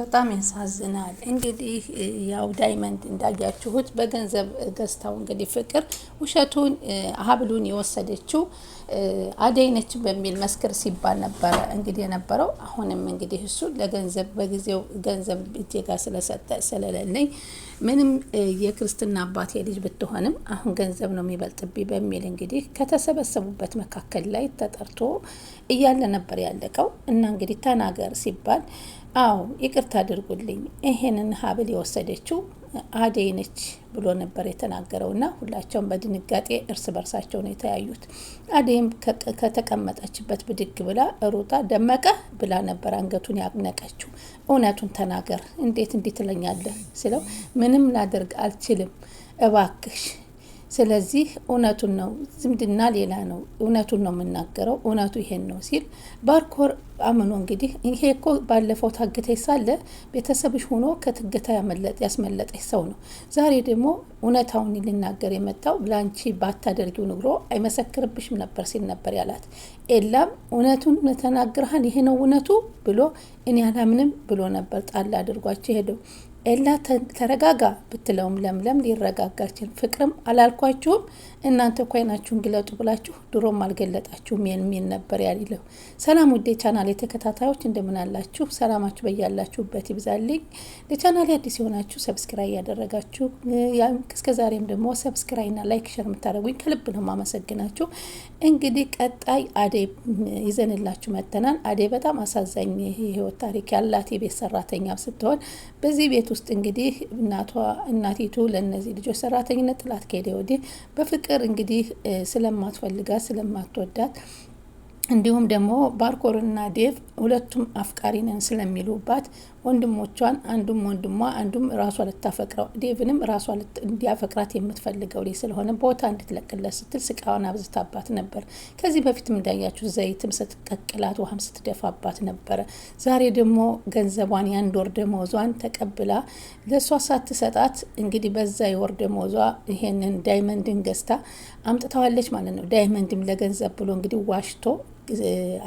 በጣም ያሳዝናል። እንግዲህ ያው ዳይመንድ እንዳያችሁት በገንዘብ ገዝታው እንግዲህ ፍቅር ውሸቱን ሀብሉን የወሰደችው አደይ ነች በሚል መስክር ሲባል ነበረ እንግዲህ የነበረው። አሁንም እንግዲህ እሱ ለገንዘብ በጊዜው ገንዘብ እጄ ጋር ስለሰጠ ስለሌለኝ ምንም የክርስትና አባቴ ልጅ ብትሆንም አሁን ገንዘብ ነው የሚበልጥብኝ በሚል እንግዲህ ከተሰበሰቡበት መካከል ላይ ተጠርቶ እያለ ነበር ያለቀው እና እንግዲህ ተናገር ሲባል አዎ ይቅርታ አድርጉልኝ ይሄንን ሀብል የወሰደችው አደይ ነች ብሎ ነበር የተናገረው እና ሁላቸውም በድንጋጤ እርስ በርሳቸው ነው የተያዩት። አደይም ከተቀመጠችበት ብድግ ብላ ሩጣ ደመቀ ብላ ነበር አንገቱን ያነቀችው። እውነቱን ተናገር፣ እንዴት እንዲህ ስለው ምንም ላደርግ አልችልም፣ እባክሽ ስለዚህ እውነቱን ነው፣ ዝምድና ሌላ ነው፣ እውነቱን ነው የምናገረው፣ እውነቱ ይሄን ነው ሲል ባርኮር አምኖ እንግዲህ ይሄ እኮ ባለፈው ታግተሽ ሳለ ቤተሰብሽ ሆኖ ከትግታ ያስመለጠሽ ሰው ነው፣ ዛሬ ደግሞ እውነታውን ሊናገር የመጣው ለአንቺ ባታደርጊው ንግሮ አይመሰክርብሽም ነበር ሲል ነበር ያላት። ኤላም እውነቱን ተናግርሃን ይሄ ነው እውነቱ ብሎ እኔ አላምንም ብሎ ነበር ጣል አድርጓቸው ሄደው ኤላ ተረጋጋ ብትለውም ለምለም ሊረጋጋችን ፍቅርም አላልኳችሁም እናንተ እኮ አይናችሁን ግለጡ ብላችሁ ድሮም አልገለጣችሁም የሚል ነበር ያለው። ሰላም ውዴ ቻናሌ ተከታታዮች እንደምን አላችሁ? ሰላማችሁ በያላችሁበት ይብዛልኝ። ለቻናል አዲስ የሆናችሁ ሰብስክራይ እስከ ዛሬም ደግሞ ሰብስክራይና ላይክ ሸር የምታደረጉኝ ከልብ ነው ማመሰግናችሁ። እንግዲህ ቀጣይ አዴ ይዘንላችሁ መተናል። አዴ በጣም አሳዛኝ የህይወት ታሪክ ያላት የቤት ሰራተኛ ስትሆን በዚህ ቤት ውስጥ እንግዲህ እናቷ እናቲቱ ለእነዚህ ልጆች ሰራተኝነት ጥላት ከሄደ ወዲህ በፍቅር እንግዲህ ስለማትፈልጋት ስለማትወዳት እንዲሁም ደግሞ ባርኮርና ዴቭ ሁለቱም አፍቃሪ ነን ስለሚሉባት ወንድሞቿን አንዱም ወንድሟ አንዱም ራሷ ልታፈቅረው ዴቭንም ራሷ እንዲያፈቅራት የምትፈልገው ላይ ስለሆነ ቦታ እንድትለቅለት ስትል ስቃዋን አብዝታባት ነበር። ከዚህ በፊትም እንዳያችሁ ዘይትም ስትቀቅላት፣ ውሃም ስትደፋባት ነበረ። ዛሬ ደግሞ ገንዘቧን የአንድ ወር ደመወዟን ተቀብላ ለእሷ ሳትሰጣት እንግዲህ በዛ የወር ደመወዟ ይሄንን ዳይመንድን ገዝታ አምጥተዋለች ማለት ነው። ዳይመንድም ለገንዘብ ብሎ እንግዲህ ዋሽቶ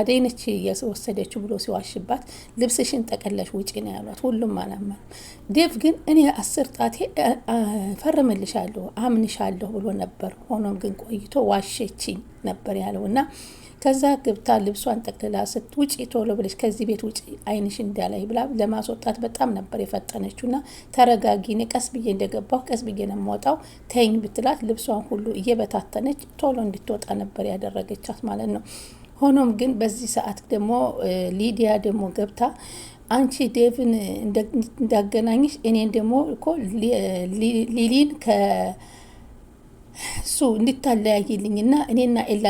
አደይነች ነች የወሰደችው ብሎ ሲዋሽባት ልብስሽን ጠቀለሽ ውጪ ነው ያሏት። ሁሉም አላመኑ። ዴቭ ግን እኔ አስር ጣቴ ፈርምልሻለሁ አምንሻለሁ ብሎ ነበር። ሆኖም ግን ቆይቶ ዋሸችኝ ነበር ያለው እና ከዛ ገብታ ልብሷን ጠቅልላ ስት ውጪ ቶሎ ብለሽ ከዚህ ቤት ውጪ አይንሽ እንዳላይ ብላ ለማስወጣት በጣም ነበር የፈጠነችው። እና ተረጋጊ፣ እኔ ቀስ ብዬ እንደገባሁ ቀስ ብዬ ነው የምወጣው ተይኝ ብትላት ልብሷን ሁሉ እየበታተነች ቶሎ እንድትወጣ ነበር ያደረገቻት ማለት ነው። ሆኖም ግን በዚህ ሰዓት ደግሞ ሊዲያ ደግሞ ገብታ አንቺ ዴቭን እንዳገናኝሽ እኔን ደግሞ እኮ ሊሊን ከ እሱ እንድታለያይልኝና እኔና ኤላ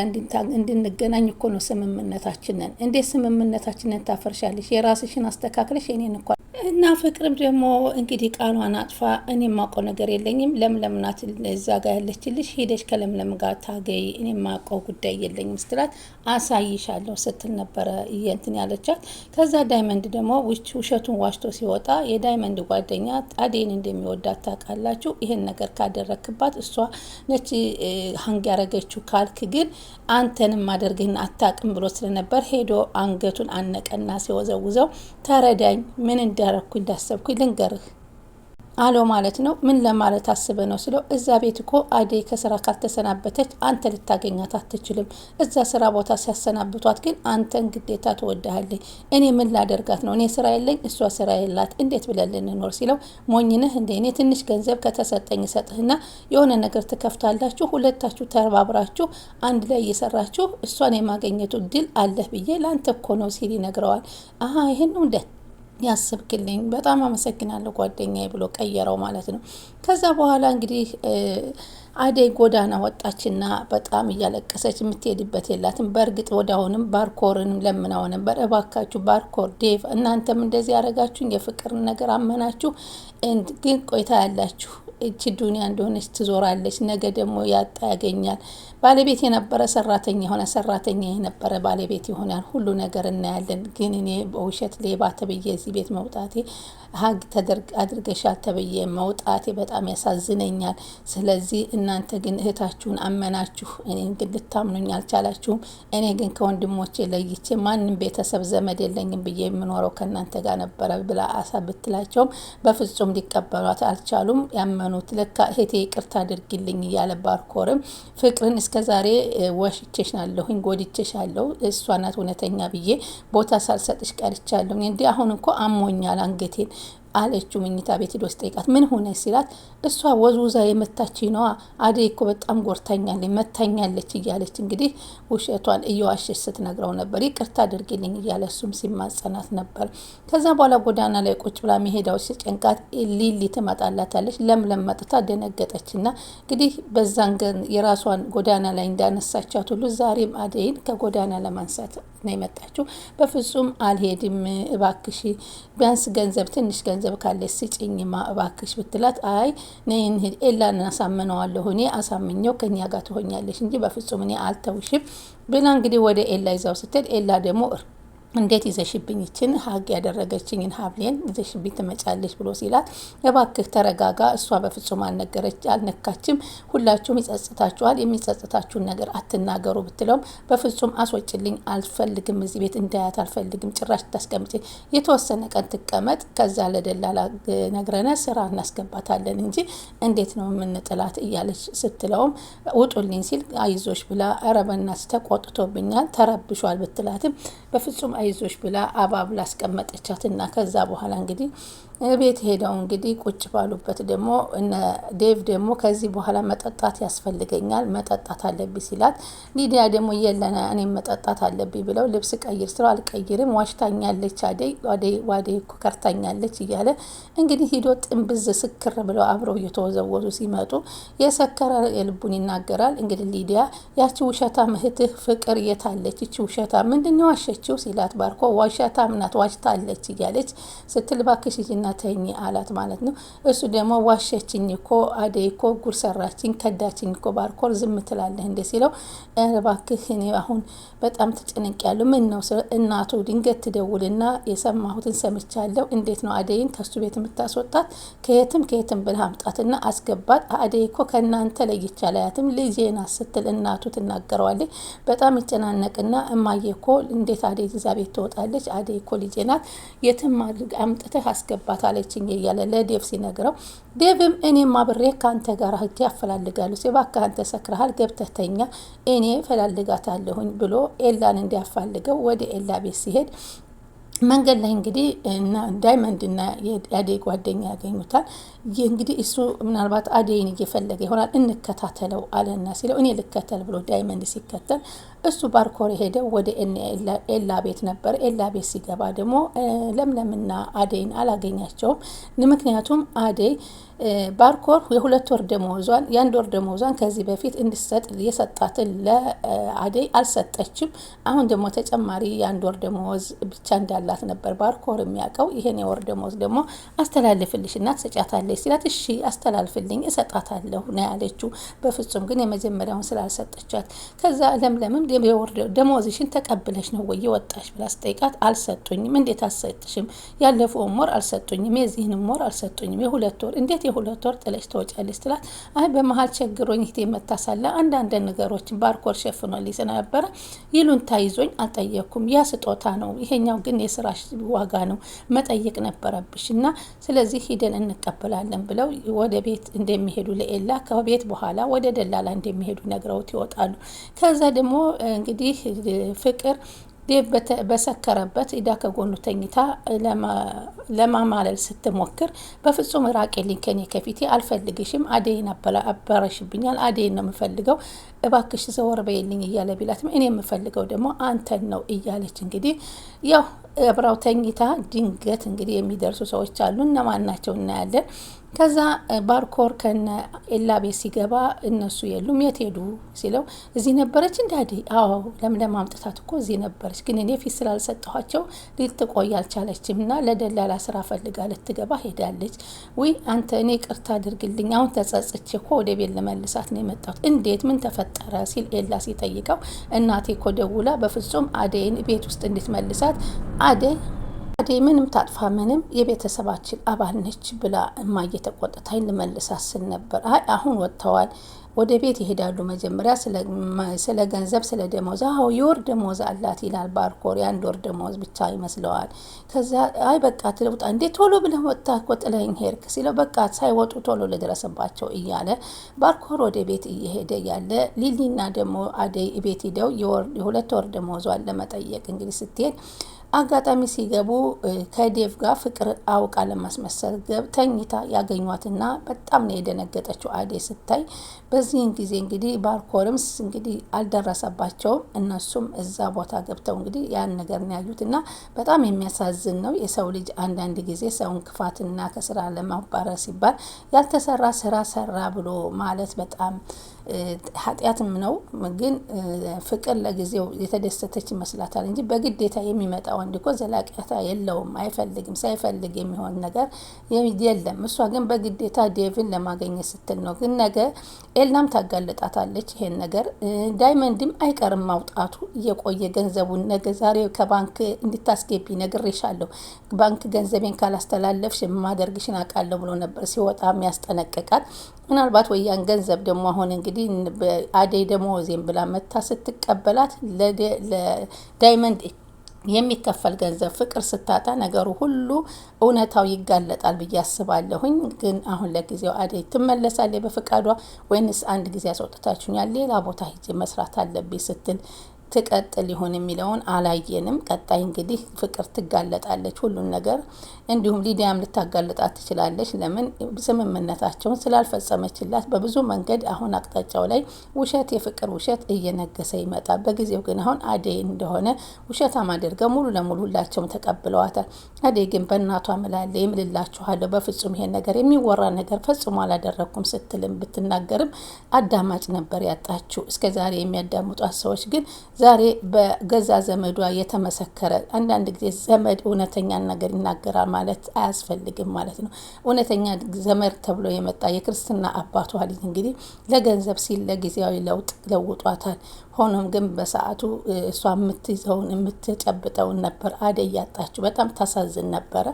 እንድንገናኝ እኮ ነው ስምምነታችንን። እንዴት ስምምነታችንን ታፈርሻለሽ? የራስሽን አስተካክለሽ እኔን እኳ እና ፍቅርም ደግሞ እንግዲህ ቃሏን አጥፋ። እኔ የማውቀው ነገር የለኝም። ለምለም ናት እዛ ጋ ያለችልሽ፣ ሄደሽ ከለምለም ጋር ታገይ። እኔ የማውቀው ጉዳይ የለኝም ስትላት አሳይሻለሁ ስትል ነበረ እንትን ያለቻት። ከዛ ዳይመንድ ደግሞ ውሸቱን ዋሽቶ ሲወጣ የዳይመንድ ጓደኛ አዴን እንደሚወዳት ታውቃላችሁ። ይሄን ነገር ካደረክባት እሷ ያቺ ሀንግ ያረገችው ካልክ ግን አንተንም አደርግህን አታቅም ብሎ ስለነበር ሄዶ አንገቱን አነቀና ሲወዘውዘው ተረዳኝ፣ ምን እንዳረግኩ እንዳሰብኩኝ ልንገርህ አለው ማለት ነው። ምን ለማለት አስበ ነው ስለው እዛ ቤት እኮ አደይ ከስራ ካልተሰናበተች አንተ ልታገኛት አትችልም። እዛ ስራ ቦታ ሲያሰናብቷት ግን አንተን ግዴታ ትወድሃለች። እኔ ምን ላደርጋት ነው? እኔ ስራ የለኝ፣ እሷ ስራ የላት። እንዴት ብለን ልንኖር ሲለው ሞኝነህ እንደ እኔ ትንሽ ገንዘብ ከተሰጠኝ ሰጥህና የሆነ ነገር ትከፍታላችሁ፣ ሁለታችሁ ተባብራችሁ አንድ ላይ እየሰራችሁ እሷን የማገኘቱ ድል አለህ ብዬ ለአንተ እኮ ነው ሲል ይነግረዋል። አሀ ይህን እንደ ያስብክልኝ በጣም አመሰግናለሁ ጓደኛዬ ብሎ ቀየረው ማለት ነው። ከዛ በኋላ እንግዲህ አደይ ጎዳና ወጣችና በጣም እያለቀሰች የምትሄድበት የላትም። በእርግጥ ወዲያውንም ባርኮርንም ለምናው ነበር። እባካችሁ ባርኮር፣ ዴቭ እናንተም እንደዚህ ያደረጋችሁኝ የፍቅርን ነገር አመናችሁ፣ ግን ቆይታ ያላችሁ እቺ ዱኒያ እንደሆነች ትዞራለች። ነገ ደግሞ ያጣ ያገኛል። ባለቤት የነበረ ሰራተኛ የሆነ ሰራተኛ የነበረ ባለቤት ይሆናል። ሁሉ ነገር እናያለን። ግን እኔ በውሸት ሌባ ተብዬ እዚህ ቤት መውጣቴ ሀግ አድርገሻል ተብዬ መውጣቴ በጣም ያሳዝነኛል። ስለዚህ እናንተ ግን እህታችሁን አመናችሁ፣ እኔ ግን ልታምኑኝ አልቻላችሁም። እኔ ግን ከወንድሞቼ ለይቼ ማንም ቤተሰብ ዘመድ የለኝም ብዬ የምኖረው ከእናንተ ጋር ነበረ ብላ አሳ ብትላቸውም በፍጹም ሊቀበሏት አልቻሉም። ለመኑት። ለካ እህቴ ይቅርታ አድርግልኝ እያለ ባርኮርም ፍቅርን እስከ እስከዛሬ ወሽቼሻለሁኝ፣ ጎድቼሻለሁ፣ እሷ ናት እውነተኛ ብዬ ቦታ ሳልሰጥሽ ቀርቻለሁ። እንዲህ አሁን እኮ አሞኛል አንገቴን አለችው። መኝታ ቤት ሄዶ ስጠይቃት ምን ሆነ ሲላት እሷ ወዝውዛ የመታች ነዋ አደይ እኮ በጣም ጎርታኛለች መታኛለች እያለች እንግዲህ ውሸቷን እየዋሸች ስትነግረው ነበር። ይቅርታ አድርጊልኝ እያለ እሱም ሲማጸናት ነበር። ከዛ በኋላ ጎዳና ላይ ቁጭ ብላ መሄዳው ሲጨንቃት ሊሊ ትመጣላታለች። ለምለም መጥታ ደነገጠች። ና እንግዲህ በዛን ግን የራሷን ጎዳና ላይ እንዳነሳቻት ሁሉ ዛሬም አደይን ከጎዳና ለማንሳት ነው የመጣችው። በፍጹም አልሄድም እባክሽ ቢያንስ ገንዘብ ትንሽ ገንዘብ ገንዘብ ካለ ስጭኝ እባክሽ ብትላት አይ ነይ እንሂድ ኤላን አሳምነዋለሁ እኔ አሳምኘው ከኛ ጋር ትሆኛለሽ እንጂ በፍጹም እኔ አልተውሽም ብላ እንግዲህ ወደ ኤላ ይዛው ስትሄድ ኤላ ደግሞ እንዴት ይዘሽብኝ ይችን ሀግ ያደረገችኝን ሀብሌን ይዘሽብኝ ትመጫለች ብሎ ሲላት፣ እባክህ ተረጋጋ፣ እሷ በፍጹም አልነገረች አልነካችም፣ ሁላችሁም ይጸጽታችኋል፣ የሚጸጽታችሁን ነገር አትናገሩ ብትለውም በፍጹም አስወጭልኝ፣ አልፈልግም፣ እዚህ ቤት እንዳያት አልፈልግም፣ ጭራሽ ታስቀምጭ፣ የተወሰነ ቀን ትቀመጥ፣ ከዛ ለደላላ ነግረነ ስራ እናስገባታለን እንጂ እንዴት ነው የምንጥላት እያለች ስትለውም ውጡልኝ ሲል አይዞች ብላ ረበናስ ተቆጥቶብኛል፣ ተረብሿል ብትላትም በፍጹም አይዞሽ ብላ አባብላ አስቀመጠቻት እና ከዛ በኋላ እንግዲህ ቤት ሄደው እንግዲህ ቁጭ ባሉበት ደግሞ እነ ዴቭ ደግሞ ከዚህ በኋላ መጠጣት ያስፈልገኛል መጠጣት አለብኝ ሲላት፣ ሊዲያ ደግሞ የለነ እኔም መጠጣት አለብኝ ብለው ልብስ ቀይር ስለው አልቀይርም ዋሽታኛለች፣ አደይ ዋደይ እኮ ከርታኛለች እያለ እንግዲህ ሂዶ ጥንብዝ ስክር ብለው አብረው እየተወዘወዙ ሲመጡ የሰከረ የልቡን ይናገራል። እንግዲህ ሊዲያ ያቺ ውሸታ ምህትህ ፍቅር የታለች? ይቺ ውሸታ ምንድን ነው ዋሸችው ሲላት፣ ባርኮ ውሸታም ምናት ዋሽታለች እያለች ስትል ባክሽ ተኝ አላት ማለት ነው። እሱ ደግሞ ዋሸችኝ እኮ አደይ እኮ ጉር ሰራችኝ ከዳችኝ እኮ ባርኮር ዝም ትላለህ እንደ ሲለው እባክህ እኔ አሁን በጣም ትጭንቅ ያሉ ምን ነው እናቱ ድንገት ትደውልና የሰማሁትን ሰምቻለሁ። እንዴት ነው አደይን ከሱ ቤት የምታስወጣት? ከየትም ከየትም ብለህ አምጣትና አስገባት። አደይ እኮ ከእናንተ ለይቼ አላያትም ልጄ ስትል እናቱ ትናገረዋለች። በጣም ይጨናነቅና እማዬ እኮ እንዴት አደይ እዛ ቤት ትወጣለች? አደይ እኮ ልጄ ናት። የትም አምጥተህ አስገባት አለችኝ እያለ ለዴቭ ሲነግረው ዴቭም እኔ ማብሬ ከአንተ ጋር ህቴ ያፈላልጋሉ እባክህ አንተ ሰክረሃል፣ ገብተህ ተኛ እኔ ፈላልጋታለሁኝ ብሎ ኤላን እንዲያፋልገው ወደ ኤላ ቤት ሲሄድ መንገድ ላይ እንግዲህ ዳይመንድ እና የአደይ ጓደኛ ያገኙታል። እንግዲህ እሱ ምናልባት አደይን እየፈለገ ይሆናል እንከታተለው አለና ሲለው እኔ ልከተል ብሎ ዳይመንድ ሲከተል እሱ ባርኮር የሄደው ወደ ኤላ ቤት ነበር። ኤላ ቤት ሲገባ ደግሞ ለምለምና አደይን አላገኛቸውም። ምክንያቱም አደይ ባርኮር የሁለት ወር ደመወዟን የአንድ ወር ደመወዟን ከዚህ በፊት እንድሰጥ የሰጣትን ለአደይ አልሰጠችም። አሁን ደግሞ ተጨማሪ የአንድ ወር ደመወዝ ብቻ እንዳላት ነበር ባርኮር የሚያውቀው። ይሄን የወር ደመወዝ ደግሞ አስተላልፍልሽ እና ትሰጫታለች ሲላት እሺ አስተላልፍልኝ እሰጣታለሁ ነው ያለችው። በፍጹም ግን የመጀመሪያውን ስላልሰጠቻት ከዛ ለምለምም ደሞዝሽን ተቀብለሽ ነው ወይ ወጣሽ ብላ ስጠይቃት አልሰጡኝም። እንዴት አልሰጥሽም? ያለፈውን ወር አልሰጡኝም፣ የዚህንም ወር አልሰጡኝም። የሁለት ወር እንዴት የሁለት ወር ጥለሽ ትወጫለሽ? ትላት አይ በመሀል ቸግሮኝ እህቴ መታሳለ አንዳንድ ነገሮችን ባርኮር ሸፍኖልኝ ስለነበረ ይሉንታ ይዞኝ አልጠየኩም። ያ ስጦታ ነው፣ ይሄኛው ግን የስራሽ ዋጋ ነው መጠየቅ ነበረብሽ እና ስለዚህ ሂደን እንቀበላለን ብለው ወደ ቤት እንደሚሄዱ ለኤላ ከቤት በኋላ ወደ ደላላ እንደሚሄዱ ነግረውት ይወጣሉ። ከዛ ደግሞ እንግዲህ ፍቅር ዴቭ በሰከረበት ኢዳ ከጎኑ ተኝታ ለማማለል ስትሞክር በፍጹም ራቄልኝ፣ ከኔ ከፊቴ አልፈልግሽም፣ አደይን አበረሽብኛል፣ አደይን ነው የምፈልገው፣ እባክሽ ዘወር በይልኝ እያለ ቢላትም እኔ የምፈልገው ደግሞ አንተን ነው እያለች እንግዲህ ያው አብራው ተኝታ ድንገት እንግዲህ የሚደርሱ ሰዎች አሉ። እነማን ናቸው? እናያለን። ከዛ ባርኮር ከነ ኤላ ቤት ሲገባ እነሱ የሉም። የት ሄዱ ሲለው እዚህ ነበረች እንዳዴ። አዎ ለምለም አምጥታት እኮ እዚህ ነበረች፣ ግን እኔ ፊት ስላልሰጠኋቸው ልትቆይ አልቻለችም እና ለደላላ ስራ ፈልጋ ልትገባ ሄዳለች። ውይ አንተ እኔ ቅርታ አድርግልኝ፣ አሁን ተጸጽቼ እኮ ወደ ቤት ልመልሳት ነው የመጣሁት። እንዴት ምን ተፈጠረ ሲል ኤላ ሲጠይቀው እናቴ እኮ ደውላ በፍጹም አደይን ቤት ውስጥ እንድትመልሳት አደይ አደይ ምንም ታጥፋ ምንም የቤተሰባችን አባል ነች ብላ እማዬ ተቆጥታኝ ልመልሳት ስል ነበር። አይ አሁን ወጥተዋል ወደ ቤት ይሄዳሉ። መጀመሪያ ስለ ገንዘብ፣ ስለ ደሞዝ። አዎ የወር ደሞዝ አላት ይላል ባርኮር። የአንድ ወር ደሞዝ ብቻ ይመስለዋል። ከዛ አይ በቃ ትለውጣ እንዴ ቶሎ ብለህ ወጥታ እኮ ጥለኸኝ ሄድክ ሲለው በቃ ሳይወጡ ቶሎ ልድረስባቸው እያለ ባርኮር ወደ ቤት እየሄደ ያለ ሊሊና ደግሞ አደይ ቤት ሂደው የሁለት ወር ደሞዟን ለመጠየቅ እንግዲህ ስትሄድ አጋጣሚ ሲገቡ ከዴቭ ጋር ፍቅር አውቃ ለማስመሰል ተኝታ ያገኟትና በጣም ነው የደነገጠችው አዴ ስታይ። በዚህን ጊዜ እንግዲህ ባርኮርምስ እንግዲህ አልደረሰባቸውም። እነሱም እዛ ቦታ ገብተው እንግዲህ ያን ነገር ነው ያዩት እና በጣም የሚያሳዝን ነው። የሰው ልጅ አንዳንድ ጊዜ ሰውን ክፋትና ከስራ ለማባረር ሲባል ያልተሰራ ስራ ሰራ ብሎ ማለት በጣም ኃጢአትም ነው። ግን ፍቅር ለጊዜው የተደሰተች ይመስላታል እንጂ በግዴታ የሚመጣ ወንድ እኮ ዘላቂታ የለውም። አይፈልግም። ሳይፈልግ የሚሆን ነገር የለም። እሷ ግን በግዴታ ዴቭን ለማገኘት ስትል ነው። ግን ነገ ኤላም ታጋልጣታለች ይሄን ነገር። ዳይመንድም አይቀርም ማውጣቱ እየቆየ ገንዘቡን ነገ ዛሬ ከባንክ እንድታስገቢ ነግሬሻለሁ፣ ባንክ ገንዘቤን ካላስተላለፍሽ የማደርግሽን አውቃለሁ ብሎ ነበር ሲወጣ የሚያስጠነቅቃል። ምናልባት ወያን ገንዘብ ደግሞ አሁን እንግዲህ አደይ ዜም ብላ መታ ስትቀበላት ለዳይመንድ የሚከፈል ገንዘብ ፍቅር ስታጣ ነገሩ ሁሉ እውነታው ይጋለጣል ብዬ አስባለሁኝ። ግን አሁን ለጊዜው አደይ ትመለሳለች በፈቃዷ ወይንስ አንድ ጊዜ አስወጥታችሁኛል ሌላ ቦታ ሂጄ መስራት አለብኝ ስትል ትቀጥል ይሆን የሚለውን አላየንም። ቀጣይ እንግዲህ ፍቅር ትጋለጣለች ሁሉን ነገር እንዲሁም ሊዲያም ልታጋልጣት ትችላለች። ለምን ስምምነታቸውን ስላልፈጸመችላት በብዙ መንገድ አሁን አቅጣጫው ላይ ውሸት፣ የፍቅር ውሸት እየነገሰ ይመጣል። በጊዜው ግን አሁን አደይ እንደሆነ ውሸታም አድርገው ሙሉ ለሙሉ ሁላቸውም ተቀብለዋታል። አደይ ግን በእናቷ ምላለ የምልላችኋለሁ፣ በፍጹም ይሄን ነገር የሚወራ ነገር ፈጽሞ አላደረግኩም ስትልም ብትናገርም አዳማጭ ነበር ያጣችው። እስከዛሬ የሚያዳምጧት ሰዎች ግን ዛሬ በገዛ ዘመዷ የተመሰከረ። አንዳንድ ጊዜ ዘመድ እውነተኛን ነገር ይናገራል ማለት አያስፈልግም ማለት ነው። እውነተኛ ዘመድ ተብሎ የመጣ የክርስትና አባቷ ልጅ እንግዲህ ለገንዘብ ሲል ለጊዜያዊ ለውጥ ለውጧታል። ሆኖም ግን በሰዓቱ እሷ የምትይዘውን የምትጨብጠውን ነበር አደይ ያጣችው። በጣም ታሳዝን ነበረ።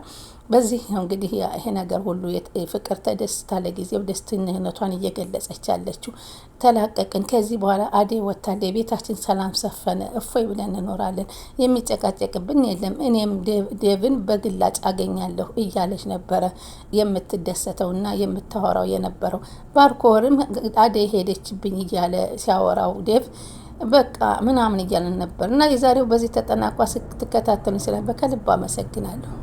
በዚህ ነው እንግዲህ ይሄ ነገር ሁሉ ፍቅር ተደስታ ለጊዜው ደስተኝነቷን እየገለጸች ያለችው። ተላቀቅን፣ ከዚህ በኋላ አደይ ወታለ የቤታችን ሰላም ሰፍ ታፈነ እፎይ ብለን እንኖራለን። የሚጨቃጨቅብን የለም። እኔም ዴቭን በግላጭ አገኛለሁ እያለች ነበረ የምትደሰተው እና የምታወራው የነበረው። ባርኮርም አደይ ሄደችብኝ እያለ ሲያወራው ዴቭ በቃ ምናምን እያለን ነበር እና የዛሬው በዚህ ተጠናቋ። ስትከታተሉኝ ስለነበር ከልብ አመሰግናለሁ።